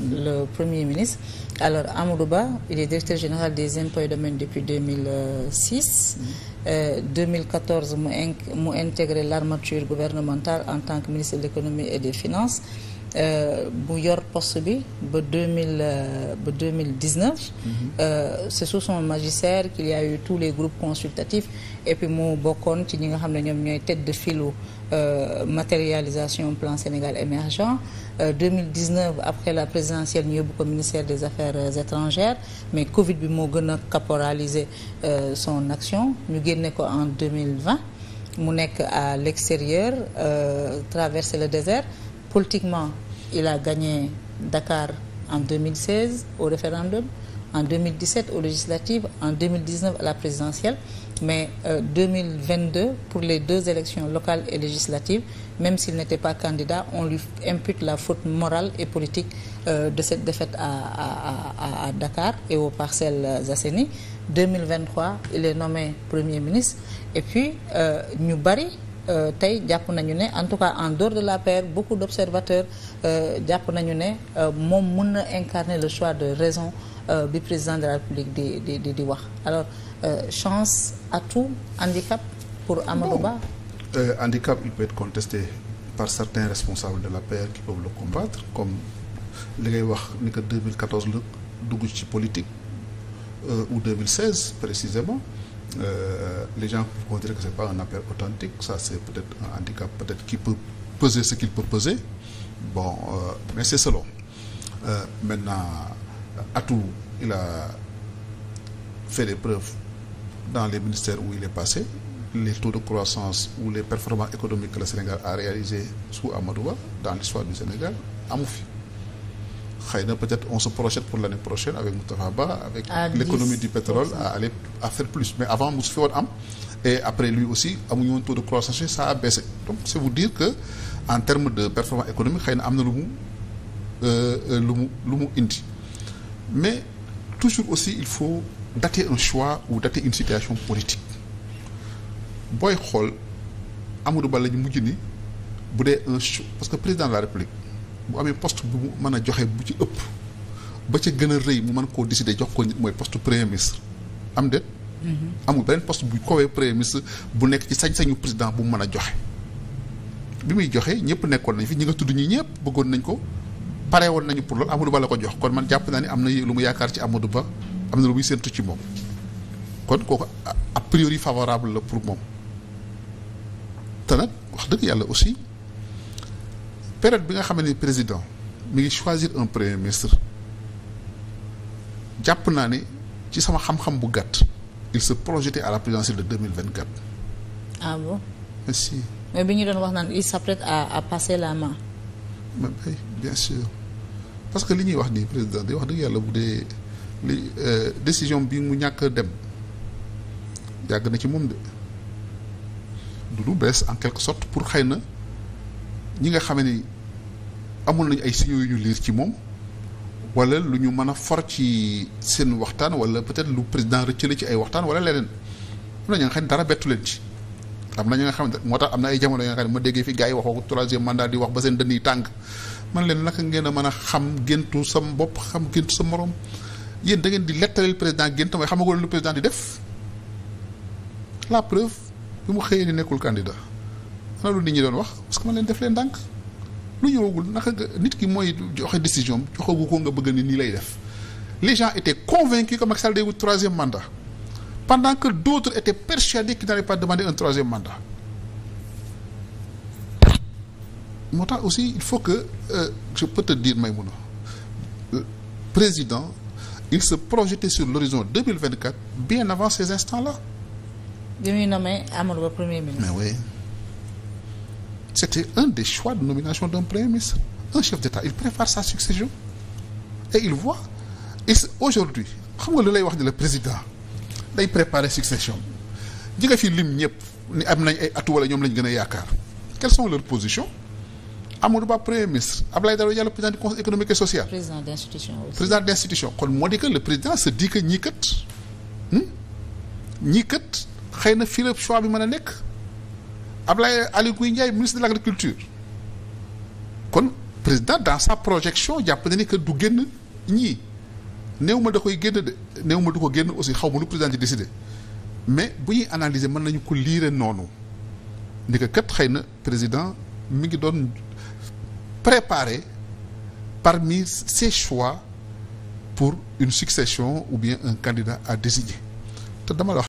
le premier ministre alors Amadou Ba il est directeur général des impôts et domaines depuis 2006 euh, 2014 mu inc mu intégré l'armature gouvernementale en tant que ministre de l'économie et des finances Euh, bu yor post bi ba deux mille euh, ba deux mille dix neuf. Mhm. Euh, c'est sous son magistère qu'il y a eu tous les groupes consultatifs et puis mu bokkoon ci ñi nga xam ne ñoom ñooy tête de file matérialisation plan Sénégal émergent deux mille dix neuf après la présidentielle ñu yóbbu ko ministère des affaires étrangères mais Covid bi moo gën a caporaliser son action ñu génne ko en deux mille vingt mu nekk à l'extérieur euh, traverser le désert. Politiquement, il a gagné Dakar en 2016 au référendum, en 2017 aux législatives, en 2019 à la présidentielle, mais euh, 2022 pour les deux élections locales et même s'il n'était pas candidat, la faute morale et politique euh, de cette défaite à, à, à, à, Dakar et aux parcelles Zasseni. 2023, il Premier ministre et puis euh, Nubari, Euh, tey jàpp nañu ne en tout cas en dehors de la l'APR beaucoup d'observateurs euh, jàpp nañu ne euh, moom mën na incarner le choix de raison bi président de la République di di wax alors chance atout handicap pour Amadou Ba handicap il peut être contesté par certains responsables de l'APR qui peuvent le combattre comme li ngay wax ni que 2014 la dugg ci politique ou 2016 précisément Euh, les gens considèrent que ce n'est pas un appel authentique, ça c'est peut-être un handicap, peut-être qui peut peser ce qu'il peut peser. Bon, euh, mais c'est selon. Euh, maintenant, atout il a fait des preuves dans les ministères où il est passé, les taux de croissance ou les performances économiques que le Sénégal a réalisées sous Amadouba dans l'histoire du Sénégal, Amoufi. xay na peut-être on se projette pour l'année prochaine avec Moustapha Ba avec l'économie du pétrole à aller à mais avant mosu fi woon am et après lui aussi amuñu woon taux de croissance ça a baissé donc c'est vous dire que en termes de performance économique xëy na am na euh, euh, lu mu lu mu indi mais toujours aussi il faut dater un choix ou dater une situation politique booy xool Amadou Ba la ñu mujj ni bu dee un parce que président de la République bu amee post bu mu mën a joxe bu ci ëpp ba ca gën a rëy mu mën koo décider jox ko nit mooy poste premier ministre am déet. Mm-hmm. amul beneen poste bu kowee premier ministre bu nekk ci sañ-sañu président bu mu mën a joxe. bi muy joxe ñëpp nekkoon nañ fi ñi nga tudd ñi ñëpp bëggoon nañ ko pare woon nañu pour loolu Amadou Ba la ko jox kon man jàpp naa ni am na lu mu yaakaar ci Amadou Ba am na lu muy séntu ci moom kon kooku a priori favorable la pour moom te nag wax dëgg yàlla aussi. période bi nga xam ni président mi ngi choisir un premier ministre jàpp naa ne ci sama xam-xam bu gàtt il se projetait à la présidentielle de 2024. ah bon. merci. Eh mais bi ñu doon wax naan il à à passer la main. parce que li ñuy wax nii président di wax dëgg yàlla bu dee euh, décision bi mu ñàkk dem yàgg na ci moom de du lu bees en quelque sorte pour xëy na. ñi nga xam ni amul nañu ay signaux yu ñu liir ci moom wala lu ñu mën a for ci seen waxtaan wala peut-être lu président rëccale ci ay waxtaan wala leneen am na ñi nga xam dara bettu leen ci am na ñi nga xam ne moo tax am na ay jamono yi nga xam ne ma déggee fi gaa yi wax waxu troisième mandat di wax ba seen dënn yi tàng man leen naka ngeen a mën a xam géntu sam bopp xam géntu sa morom yéen dangeen di lettaleel président gént mooy xamagoo lu président di def la preuve mu xëyee ni nekkul candidat xanaa lu nit ñi doon wax parce que man leen def leen ndànk lu ñëwagul naka nga nit ki mooy joxe décision joxagu ko nga bëgg ni nii lay def les gens étaient convaincus que Macky Sall day wut troisième mandat pendant que d'autres étaient persuadés qu'ils n'allaient pas demander un troisième mandat moo tax aussi il faut que euh, je peux te dire Maïmouna euh, président il se projetait sur l'horizon bien avant ces instants-là. bi muy nommé Amadou Ba premier mais oui. c'était un des choix de nomination d'un premier ministre un chef d'État il prépare sa succession et il voit et aujourd'hui xam nga lu lay wax ni le président day préparer succession ji nga fi lim ñëpp ni am nañ ay atu wala ñoom lañ gën a yaakaar quelles sont leurs positions Amadou Ba premier ministre Abdoulaye Daouda Diallo président du conseil économique et social. président d'institution kon moo di que président se dit que ñii kat hmm? ñii xëy na fii la bi mën a nekk. Abdoulaye Aly Ngouille Ndiaye ministre de l' agriculture kon président dans sa projection jàpp na ni que du génn ñii néew ma da koy génn de néew ma du ko génn aussi xaw ma lu président di décider mais bu ñuy analyser mën nañu ko liire noonu ni que kat xëy na président mi ngi doon préparer parmi ses choix pour une succession ou bien un candidat à désigner te dama la wax